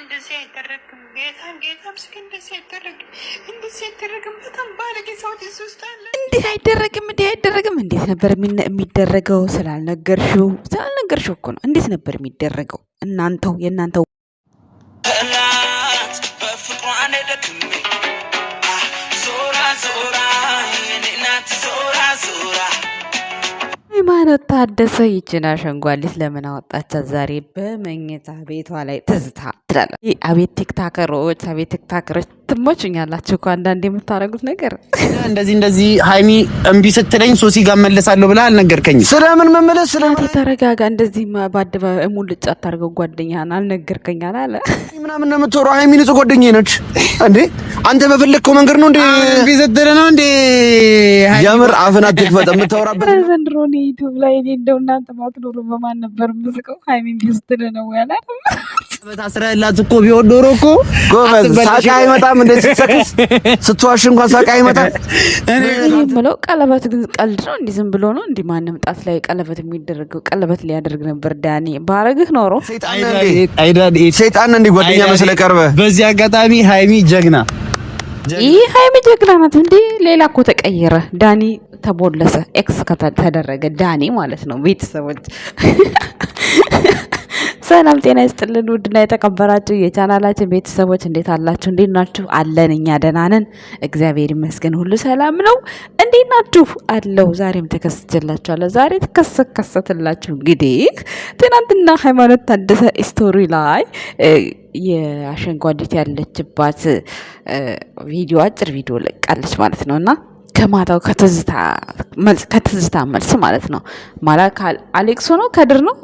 እንደዚህ አይደረግም። ጌታም ጌታም ስ እንደዚህ አይደረግም፣ እንደዚህ አይደረግም። በጣም ባለጌ ሰው ዲስ ውስጥ አለ። እንዲህ አይደረግም፣ አይደረግም። እንዴት ነበር የሚደረገው? ስላልነገርሽው ስላልነገርሽው እኮ ነው። እንዴት ነበር የሚደረገው? እናንተው የእናንተው ሃይማኖት ታደሰ ይችን አሸንጓሊት ለምን አወጣቻት? ዛሬ በመኝታ ቤቷ ላይ ትዝታ ትላለች። አቤት ቲክታከሮች፣ አቤት ቲክታከሮች ትሞችኛላችሁ እኮ አንዳንድ የምታደርጉት ነገር እንደዚህ እንደዚህ። ሀይሚ እምቢ ስትለኝ ሶሲ ጋር መለሳለሁ ብለህ አልነገርከኝም። ስለምን መመለስ ስለምን ተረጋጋ። እንደዚህ በአደባባይ ሙልጭ አታርገው። ጓደኛህን አልነገርከኛል አለ ምናምን ነው የምትወራው። ሀይሚ ንጹህ ጓደኛዬ ነች እንዴ? አንተ በፈለግከው መንገድ ነው እንዴ? እምቢ ስትል ነው እንዴ? የምር አፍን አትክፈጥ። የምታወራበት ዘንድሮ ዩቲዩብ ላይ እኔ እንደው እናንተ ማትኖሩ በማን ነበር ምስቀው ሀይሚ እምቢ ስትል ነው ያላል ታስረህላት እኮ ቢሆን ኖሮ እኮ ጎበዝ ሳቅ አይመጣም። እንደ ስትሰክስ ስትዋሽ እንኳን ሳቅ አይመጣም። እኔ ቀለበት ግን ቀልድ ነው። እንዲህ ዝም ብሎ ነው። እንዲህ ማንም ጣት ላይ ቀለበት የሚደረገው ቀለበት ሊያደርግ ነበር ዳኒ ባረግህ ኖሮ። ሰይጣን እንደ ጓደኛ መስለህ ቀርበህ። በዚህ አጋጣሚ ሀይሚ ጀግና ይህ ሀይሚ ጀግና ናት እንዴ! ሌላ እኮ ተቀየረ። ዳኒ ተቦለሰ፣ ኤክስ ተደረገ። ዳኒ ማለት ነው። ቤተሰቦች ሰላም ጤና ይስጥልን። ውድና የተከበራችሁ የቻናላችን ቤተሰቦች እንዴት አላችሁ? እንዴት ናችሁ? አለን እኛ ደህና ነን፣ እግዚአብሔር ይመስገን፣ ሁሉ ሰላም ነው። እንዴት ናችሁ? አለው። ዛሬም ተከስችላችኋለሁ። ዛሬ ተከሰከሰትላችሁ እንግዲህ ትናንትና ሃይማኖት ታደሰ ስቶሪ ላይ የአሸንጓዴት ያለችባት ቪዲዮ አጭር ቪዲዮ ለቃለች ማለት ነው እና ከማታው ከትዝታ መልስ ማለት ነው። ማላ አሌክሶ ነው ከድር ነው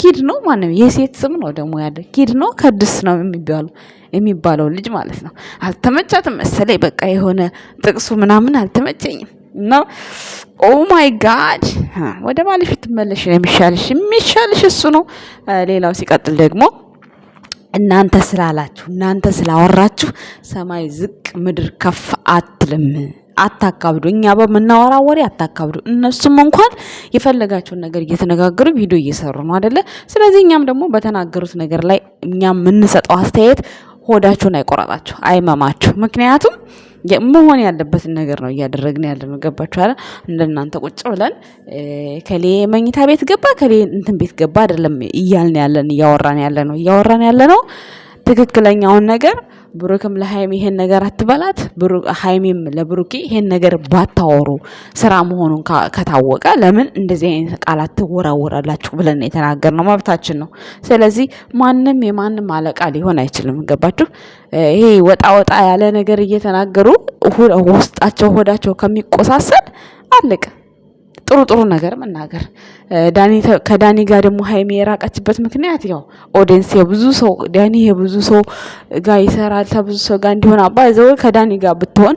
ኪድ ነው ማንም የሴት ስም ነው ደግሞ ያለ ኪድ ነው ከድስ ነው የሚባለው የሚባለው ልጅ ማለት ነው። አልተመቻትም መሰለኝ በቃ የሆነ ጥቅሱ ምናምን አልተመቸኝም እና ኦ ማይ ጋድ ወደ ባልሽ ትመለሽ ነው የሚሻልሽ የሚሻልሽ እሱ ነው። ሌላው ሲቀጥል ደግሞ እናንተ ስላላችሁ እናንተ ስላወራችሁ ሰማይ ዝቅ ምድር ከፍ አትልም። አታካብዱ። እኛ በምናወራ ወሬ አታካብዱ። እነሱም እንኳን የፈለጋቸውን ነገር እየተነጋገሩ ቪዲዮ እየሰሩ ነው አደለ? ስለዚህ እኛም ደግሞ በተናገሩት ነገር ላይ እኛም የምንሰጠው አስተያየት ሆዳችሁን አይቆራጣችሁ፣ አይመማችሁ። ምክንያቱም መሆን ያለበትን ነገር ነው እያደረግን ያለ ነው። ገባችሁ እንደናንተ ቁጭ ብለን ከሌ መኝታ ቤት ገባ ከሌ እንትን ቤት ገባ አይደለም እያልን ያለን እያወራን ያለ ነው እያወራን ያለ ነው ትክክለኛውን ነገር ብሩክም ለሀይሚ ይሄን ነገር አትበላት፣ ሀይሚም ለብሩኬ ይሄን ነገር ባታወሩ ስራ መሆኑን ከታወቀ ለምን እንደዚህ አይነት ቃላት ትወራወራላችሁ ብለን ነው። መብታችን ነው። ስለዚህ ማንም የማንም አለቃ ሊሆን አይችልም። ገባችሁ? ይሄ ወጣ ወጣ ያለ ነገር እየተናገሩ ውስጣቸው ሆዳቸው ከሚቆሳሰል አለቀ። ጥሩ ጥሩ ነገር መናገር። ከዳኒ ጋር ደግሞ ሀይሚ የራቀችበት ምክንያት ያው ኦዲየንስ የብዙ ሰው ዳኒ የብዙ ሰው ጋር ይሰራል ተብዙ ሰው ጋር እንዲሆን አባ ዘው ከዳኒ ጋር ብትሆን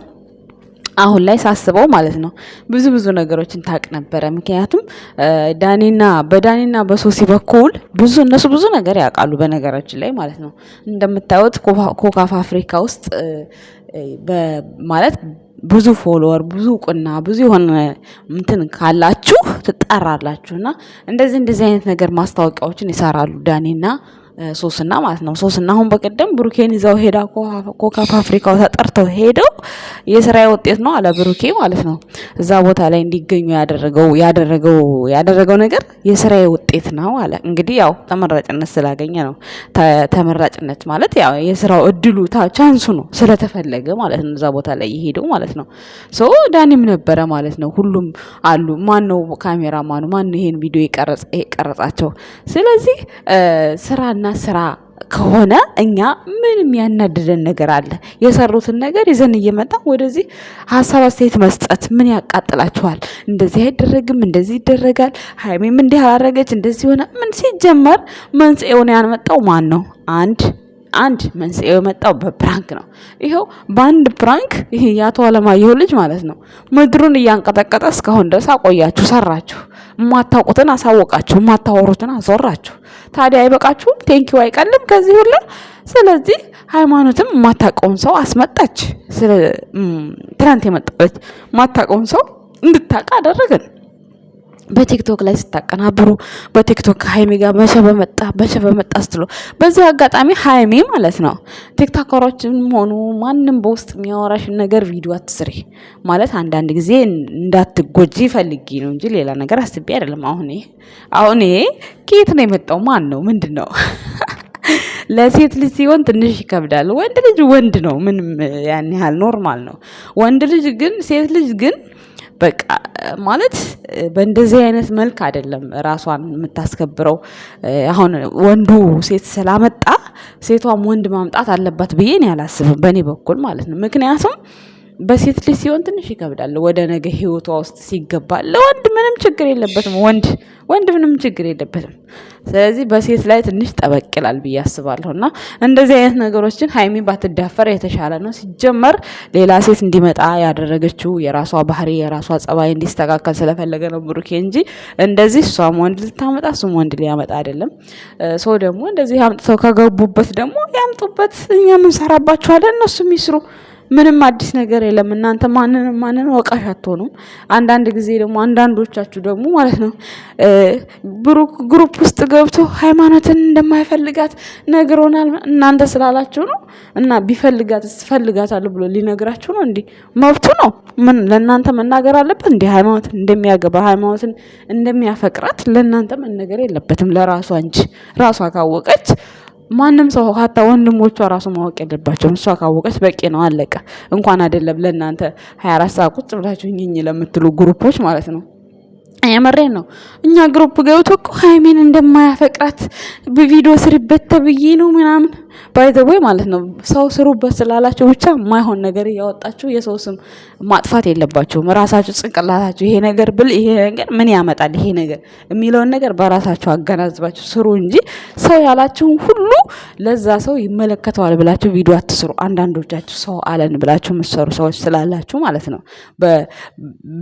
አሁን ላይ ሳስበው ማለት ነው ብዙ ብዙ ነገሮችን ታቅ ነበረ። ምክንያቱም ዳኒና በዳኒና በሶሲ በኩል ብዙ እነሱ ብዙ ነገር ያውቃሉ በነገራችን ላይ ማለት ነው እንደምታዩት ኮካፍ አፍሪካ ውስጥ ማለት ብዙ ፎሎወር ብዙ እውቅና ብዙ የሆነ እንትን ካላችሁ ትጠራላችሁ እና እንደዚህ እንደዚህ አይነት ነገር ማስታወቂያዎችን ይሰራሉ ዳኒና ሶስና ማለት ነው። ሶስና አሁን በቀደም ብሩኬን ይዘው ሄዳ ኮካ ፋብሪካ ተጠርተው ሄደው የስራ ውጤት ነው አለ ብሩኬ ማለት ነው። እዛ ቦታ ላይ እንዲገኙ ያደረገው ያደረገው ያደረገው ነገር የስራ ውጤት ነው አለ። እንግዲህ ያው ተመራጭነት ስላገኘ ነው። ተመራጭነት ማለት ያው የስራው እድሉ ቻንሱ ነው ስለተፈለገ ማለት ነው። እዛ ቦታ ላይ የሄደው ማለት ነው። ሶ ዳኒም ነበረ ማለት ነው። ሁሉም አሉ። ማን ነው ካሜራ ማኑ? ማን ነው ይሄን ቪዲዮ የቀረጻቸው? ስለዚህ ስራና ስራ ከሆነ እኛ ምንም ያናድደን ነገር አለ? የሰሩትን ነገር ይዘን እየመጣ ወደዚህ ሀሳብ አስተያየት መስጠት ምን ያቃጥላችኋል? እንደዚህ አይደረግም፣ እንደዚህ ይደረጋል፣ ሀይሜም እንዲህ አላረገች፣ እንደዚህ ሆነ። ምን ሲጀመር መንስኤውን ያመጣው ማን ነው? አንድ አንድ መንስኤው የመጣው በፕራንክ ነው። ይኸው በአንድ ፕራንክ ይሄ የአቶ አለማየሁ ልጅ ማለት ነው ምድሩን እያንቀጠቀጠ እስካሁን ድረስ አቆያችሁ፣ ሰራችሁ፣ የማታውቁትን አሳወቃችሁ፣ የማታወሩትን አዞራችሁ። ታዲያ አይበቃችሁም? ቴንኪው አይቀልም ከዚህ ሁላ። ስለዚህ ሃይማኖትም ማታቀውን ሰው አስመጣች። ትናንት የመጣች የማታውቀውን ሰው እንድታቃ አደረገን። በቲክቶክ ላይ ስታቀናብሩ በቲክቶክ ሀይሚ ጋር መቼ በመጣ መቼ በመጣ ስትሉ፣ በዚህ አጋጣሚ ሀይሚ ማለት ነው ቲክቶከሮችን ሆኑ ማንም በውስጥ የሚያወራሽን ነገር ቪዲዮ አትስሪ ማለት አንዳንድ ጊዜ እንዳትጎጂ ፈልጊ ነው እንጂ ሌላ ነገር አስቤ አይደለም። አሁን አሁን ከየት ነው የመጣው? ማን ነው? ምንድን ነው? ለሴት ልጅ ሲሆን ትንሽ ይከብዳል። ወንድ ልጅ ወንድ ነው፣ ምንም ያን ያህል ኖርማል ነው። ወንድ ልጅ ግን ሴት ልጅ ግን በቃ ማለት በእንደዚህ አይነት መልክ አይደለም ራሷን የምታስከብረው። አሁን ወንዱ ሴት ስላመጣ ሴቷም ወንድ ማምጣት አለባት ብዬ ያላስብም በእኔ በኩል ማለት ነው። ምክንያቱም በሴት ልጅ ሲሆን ትንሽ ይከብዳል። ወደ ነገ ህይወቷ ውስጥ ሲገባ ለወንድ ምንም ችግር የለበትም። ወንድ ወንድ ምንም ችግር የለበትም። ስለዚህ በሴት ላይ ትንሽ ጠበቅ ይላል ብዬ አስባለሁ። እና እንደዚህ አይነት ነገሮችን ሀይሚ ባትዳፈር የተሻለ ነው። ሲጀመር ሌላ ሴት እንዲመጣ ያደረገችው የራሷ ባህሪ፣ የራሷ ጸባይ እንዲስተካከል ስለፈለገ ነው ብሩኬ እንጂ እንደዚህ እሷም ወንድ ልታመጣ እሱም ወንድ ሊያመጣ አይደለም። ሰው ደግሞ እንደዚህ አምጥተው ከገቡበት ደግሞ ያምጡበት፣ እኛ ምንሰራባችኋለን፣ እነሱ የሚስሩ ምንም አዲስ ነገር የለም። እናንተ ማንንም ማንን ወቃሽ አትሆኑም። አንዳንድ ጊዜ ደግሞ አንዳንዶቻችሁ ደግሞ ማለት ነው ብሩክ ግሩፕ ውስጥ ገብቶ ሃይማኖትን እንደማይፈልጋት ነግሮናል። እናንተ ስላላችሁ ነው እና ቢፈልጋት ፈልጋታለሁ ብሎ ሊነግራችሁ ነው። እንዲህ መብቱ ነው። ምን ለእናንተ መናገር አለበት? እንዲህ ሃይማኖትን እንደሚያገባ ሃይማኖትን እንደሚያፈቅራት ለእናንተ መነገር የለበትም። ለራሷ እንጂ ራሷ ካወቀች ማንም ሰው ሀታ ወንድሞቿ ራሱ ማወቅ የለባቸውም። እሷ ካወቀች በቂ ነው፣ አለቀ። እንኳን አይደለም ለእናንተ ሀያ አራት ሰዓት ቁጭ ብላችሁ ኝኝ ለምትሉ ግሩፖች ማለት ነው። የመሬን ነው። እኛ ግሩፕ ገብቶ እኮ ሀይሜን እንደማያፈቅራት በቪዲዮ ስርበት ተብዬ ነው ምናምን ባይዘወይ ማለት ነው ሰው ስሩበት ስላላችሁ ብቻ ማይሆን ነገር እያወጣችሁ የሰው ስም ማጥፋት የለባችሁም። ራሳችሁ ጭንቅላታችሁ ይሄ ነገር ብል ይሄ ነገር ምን ያመጣል ይሄ ነገር የሚለውን ነገር በራሳችሁ አገናዝባችሁ ስሩ እንጂ ሰው ያላችሁን ሁሉ ለዛ ሰው ይመለከተዋል ብላችሁ ቪዲዮ አትስሩ። አንዳንዶቻችሁ ሰው አለን ብላችሁ የምትሰሩ ሰዎች ስላላችሁ ማለት ነው።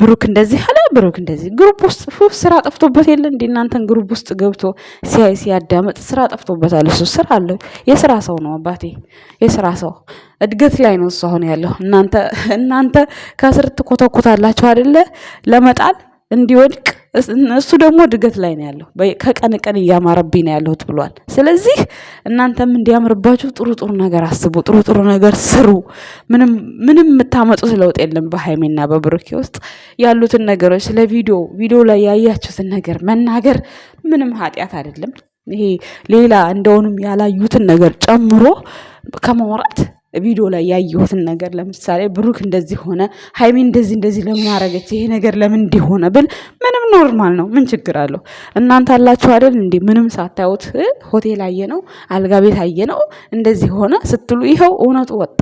ብሩክ እንደዚህ አለ፣ ብሩክ እንደዚህ ግሩፕ ውስጥ ስራ ጠፍቶበት የለ እንደ እናንተን ግሩፕ ውስጥ ገብቶ ሲያይ ሲያዳመጥ ስራ ጠፍቶበታል። እሱ ስራ አለው የስራ ሰው ነው አባቴ፣ የስራ ሰው እድገት ላይ ነው እሱ አሁን ያለው። እናንተ እናንተ ከስር ትኮተኮታላችሁ አይደለ? ለመጣል እንዲወድቅ እሱ ደግሞ እድገት ላይ ነው ያለው። ከቀን ቀን እያማረብኝ ነው ያለሁት ብሏል። ስለዚህ እናንተም እንዲያምርባችሁ ጥሩ ጥሩ ነገር አስቡ፣ ጥሩ ጥሩ ነገር ስሩ። ምንም ምንም የምታመጡት ለውጥ የለም። በሃይሜና በብሩኬ ውስጥ ያሉትን ነገሮች ስለ ቪዲዮ ቪዲዮ ላይ ያያችሁትን ነገር መናገር ምንም ኃጢአት አይደለም። ይሄ ሌላ እንደውንም ያላዩትን ነገር ጨምሮ ከማውራት ቪዲዮ ላይ ያየሁትን ነገር ለምሳሌ ብሩክ እንደዚህ ሆነ፣ ሀይሚ እንደዚህ እንደዚህ ለምን አረገች፣ ይሄ ነገር ለምን እንዲሆነ ብል ምንም ኖርማል ነው። ምን ችግር አለው? እናንተ አላችሁ አይደል እንዴ? ምንም ሳታዩት ሆቴል አየ ነው አልጋ ቤት አየ ነው እንደዚህ ሆነ ስትሉ ይኸው እውነቱ ወጣ።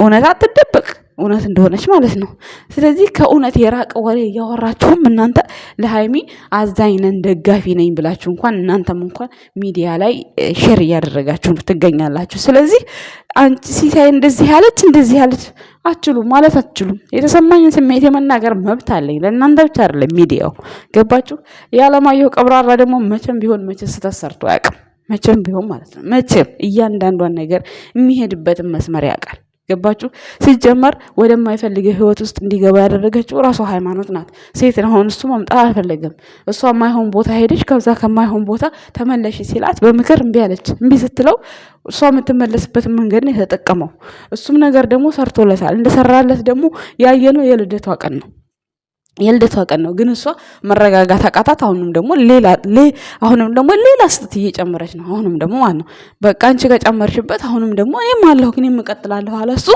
እውነት አትደበቅ። እውነት እንደሆነች ማለት ነው። ስለዚህ ከእውነት የራቀ ወሬ እያወራችሁም እናንተ ለሀይሚ አዛኝ ነን ደጋፊ ነኝ ብላችሁ እንኳን እናንተም እንኳን ሚዲያ ላይ ሼር እያደረጋችሁ ትገኛላችሁ። ስለዚህ አንቺ ሲሳይ እንደዚህ ያለች እንደዚህ ያለች አችሉ ማለት አትችሉም። የተሰማኝን ስሜት የመናገር መብት አለኝ። ለእናንተ ብቻ አይደለም ሚዲያው ገባችሁ። የአለማየሁ ቀብራራ ደግሞ መቼም ቢሆን መቼ ስህተት ሰርቶ አያውቅም። መቼም ቢሆን ማለት ነው። መቼም እያንዳንዷን ነገር የሚሄድበትን መስመር ያውቃል። ገባችሁ? ሲጀመር ወደማይፈልገ ህይወት ውስጥ እንዲገባ ያደረገችው ራሷ ሃይማኖት ናት። ሴት አሁን እሱ መምጣት አልፈለገም። እሷ ማይሆን ቦታ ሄደች። ከዛ ከማይሆን ቦታ ተመለሽ ሲላት በምክር እምቢ አለች። እምቢ ስትለው እሷ የምትመለስበት መንገድ ነው የተጠቀመው። እሱም ነገር ደግሞ ሰርቶለታል። እንደሰራለት ደግሞ ያየነው የልደቷ ቀን ነው። የልደቷ ቀን ነው ግን እሷ መረጋጋት አቃታት። አሁንም ደግሞ ሌላ አሁንም ደግሞ ሌላ ስጥት እየጨመረች ነው። አሁንም ደግሞ ማለት ነው በቃ አንቺ ከጨመርሽበት አሁንም ደግሞ እኔም አለሁ ግን የምቀጥላለሁ አለ እሱ።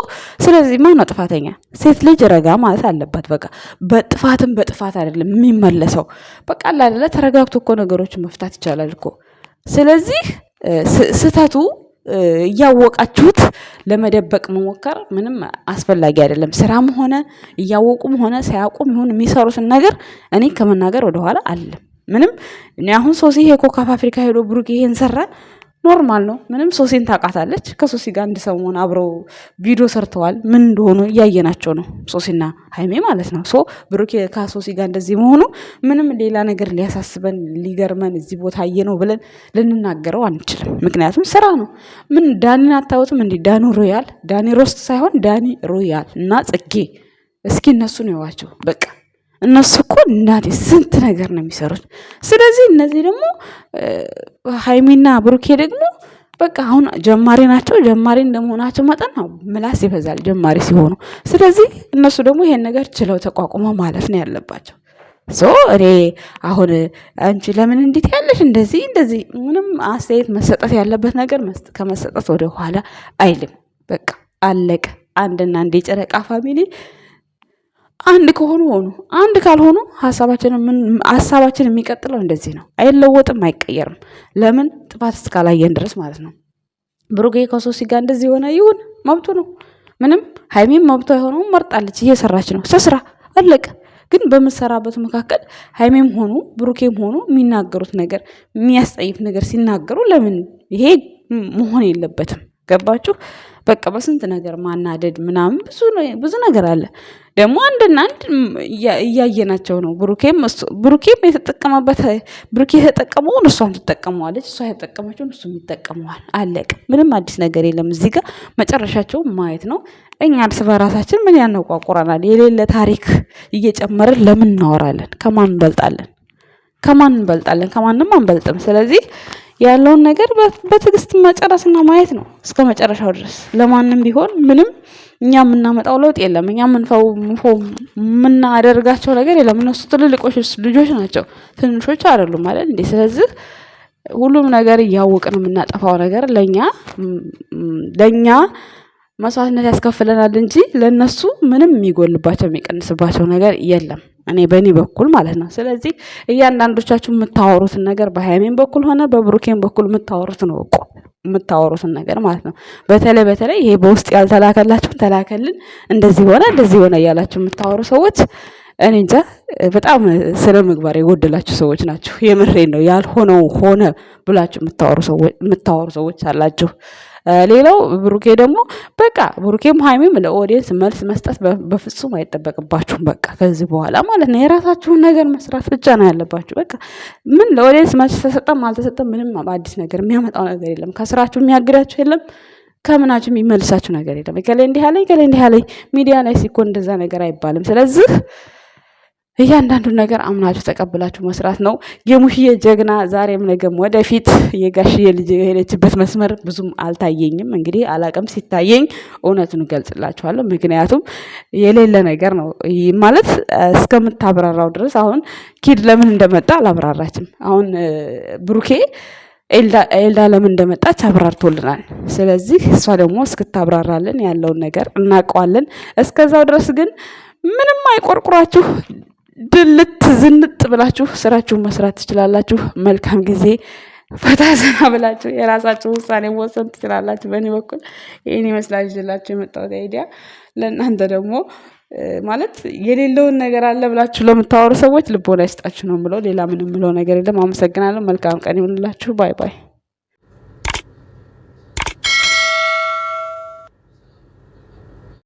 ስለዚህ ማን ነው ጥፋተኛ? ሴት ልጅ ረጋ ማለት አለባት። በቃ በጥፋትም በጥፋት አይደለም የሚመለሰው። በቃ አላለ ተረጋግቶ እኮ ነገሮች መፍታት ይቻላል እኮ። ስለዚህ ስህተቱ እያወቃችሁት ለመደበቅ መሞከር ምንም አስፈላጊ አይደለም። ስራም ሆነ እያወቁም ሆነ ሳያውቁም ይሁን የሚሰሩትን ነገር እኔ ከመናገር ወደኋላ አለም ምንም እኔ አሁን ሶሲ ይሄ ካፍ አፍሪካ ሄዶ ብሩክ ይሄን ሰራ ኖርማል ነው። ምንም ሶሴን ታውቃታለች። ከሶሲ ጋር አንድ ሰሞን አብረው ቪዲዮ ሰርተዋል። ምን እንደሆኑ እያየናቸው ነው፣ ሶሲና ሀይሜ ማለት ነው። ሶ ብሩኬ ከሶሲ ጋር እንደዚህ መሆኑ ምንም ሌላ ነገር ሊያሳስበን ሊገርመን እዚህ ቦታ አየ ነው ብለን ልንናገረው አንችልም። ምክንያቱም ስራ ነው። ምን ዳኒን አታወትም? እንዲ ዳኒ ሮያል ዳኒ ሮስት ሳይሆን ዳኒ ሮያል እና ጽጌ እስኪ እነሱን የዋቸው በቃ እነሱ እኮ እናቴ ስንት ነገር ነው የሚሰሩት። ስለዚህ እነዚህ ደግሞ ሀይሚና ብሩኬ ደግሞ በቃ አሁን ጀማሪ ናቸው። ጀማሪ እንደመሆናቸው መጠን ምላስ ይበዛል ጀማሪ ሲሆኑ። ስለዚህ እነሱ ደግሞ ይሄን ነገር ችለው ተቋቁመው ማለፍ ነው ያለባቸው። ሶ እኔ አሁን አንቺ ለምን እንዴት ያለሽ እንደዚህ እንደዚህ ምንም አስተያየት መሰጠት ያለበት ነገር ከመሰጠት ወደ ኋላ አይልም። በቃ አለቀ። አንድና አንድ የጨረቃ ፋሚሊ አንድ ከሆኑ ሆኑ፣ አንድ ካልሆኑ ሀሳባችን ሀሳባችን የሚቀጥለው እንደዚህ ነው። አይለወጥም፣ አይቀየርም። ለምን ጥፋት እስካላየን ድረስ ማለት ነው። ብሩጌ ከሶሲ ጋር እንደዚህ የሆነ ይሁን መብቱ ነው። ምንም ሀይሚም መብቱ አይሆነውም። መርጣለች፣ እየሰራች ነው። ስስራ አለቀ። ግን በምሰራበት መካከል ሀይሜም ሆኑ ብሩኬም ሆኑ የሚናገሩት ነገር የሚያስጠይፍ ነገር ሲናገሩ ለምን ይሄ መሆን የለበትም። ገባችሁ? በቃ በስንት ነገር ማናደድ ምናምን ብዙ ነገር አለ። ደግሞ አንድና አንድ እያየናቸው ነው። ብሩኬም የተጠቀመበት ብሩኬ የተጠቀመውን እሷም ትጠቀመዋለች፣ እሷ የተጠቀመችውን እሱም ይጠቀመዋል። አለቅ ምንም አዲስ ነገር የለም። እዚህ ጋር መጨረሻቸውን ማየት ነው። እኛ እርስ በራሳችን ምን ያነቋቁረናል? የሌለ ታሪክ እየጨመርን ለምን እናወራለን? ከማን እንበልጣለን? ከማን እንበልጣለን? ከማንም አንበልጥም። ስለዚህ ያለውን ነገር በትዕግስት መጨረስና ማየት ነው እስከ መጨረሻው ድረስ። ለማንም ቢሆን ምንም እኛ የምናመጣው ለውጥ የለም። እኛ ምንፈው የምናደርጋቸው ነገር የለም። እነሱ ትልልቆች ልጆች ናቸው፣ ትንሾች አይደሉም ማለት እንዴ። ስለዚህ ሁሉም ነገር እያወቅን የምናጠፋው ነገር ለእኛ ለእኛ መስዋዕትነት ያስከፍለናል እንጂ ለእነሱ ምንም የሚጎልባቸው የሚቀንስባቸው ነገር የለም። እኔ በእኔ በኩል ማለት ነው። ስለዚህ እያንዳንዶቻችሁ የምታወሩትን ነገር በሃይሜን በኩል ሆነ በብሩኬን በኩል የምታወሩት ነው እኮ የምታወሩትን ነገር ማለት ነው። በተለይ በተለይ ይሄ በውስጥ ያልተላከላችሁን ተላከልን፣ እንደዚህ ሆነ፣ እንደዚህ ሆነ እያላችሁ የምታወሩ ሰዎች እኔ እንጃ በጣም ስነ ምግባር የጎደላችሁ ሰዎች ናችሁ። የምሬን ነው። ያልሆነው ሆነ ብላችሁ የምታወሩ ሰዎች አላችሁ። ሌላው ብሩኬ ደግሞ በቃ ብሩኬም ሀይሚም ለኦዲየንስ መልስ መስጠት በፍጹም አይጠበቅባችሁም። በቃ ከዚህ በኋላ ማለት ነው የራሳችሁን ነገር መስራት ብቻ ነው ያለባችሁ። በቃ ምን ለኦዲየንስ መልስ ተሰጠም አልተሰጠም ምንም አዲስ ነገር የሚያመጣው ነገር የለም። ከስራችሁ የሚያግዳችሁ የለም። ከምናችሁ የሚመልሳችሁ ነገር የለም። ከላይ እንዲህ አለኝ ከላይ እንዲህ አለኝ ሚዲያ ላይ ሲኮን እንደዛ ነገር አይባልም። ስለዚህ እያንዳንዱን ነገር አምናችሁ ተቀብላችሁ መስራት ነው። የሙሽዬ ጀግና ዛሬም ነገም ወደፊት። የጋሽዬ ልጅ የሄደችበት መስመር ብዙም አልታየኝም። እንግዲህ አላቅም፣ ሲታየኝ እውነቱን እገልጽላችኋለሁ። ምክንያቱም የሌለ ነገር ነው ማለት እስከምታብራራው ድረስ አሁን ኪድ ለምን እንደመጣ አላብራራችም። አሁን ብሩኬ ኤልዳ ለምን እንደመጣች አብራርቶልናል። ስለዚህ እሷ ደግሞ እስክታብራራልን ያለውን ነገር እናውቀዋለን። እስከዛው ድረስ ግን ምንም አይቆርቁራችሁ ድልት ዝንጥ ብላችሁ ስራችሁን መስራት ትችላላችሁ። መልካም ጊዜ። ፈታ ዘና ብላችሁ የራሳችሁ ውሳኔ መወሰን ትችላላችሁ። በእኔ በኩል ይህን ይመስላል ይዤላችሁ የመጣሁት አይዲያ። ለእናንተ ደግሞ ማለት የሌለውን ነገር አለ ብላችሁ ለምታወሩ ሰዎች ልቦና ይስጣችሁ ነው የምለው። ሌላ ምንም የምለው ነገር የለም። አመሰግናለሁ። መልካም ቀን ይሁንላችሁ። ባይ ባይ።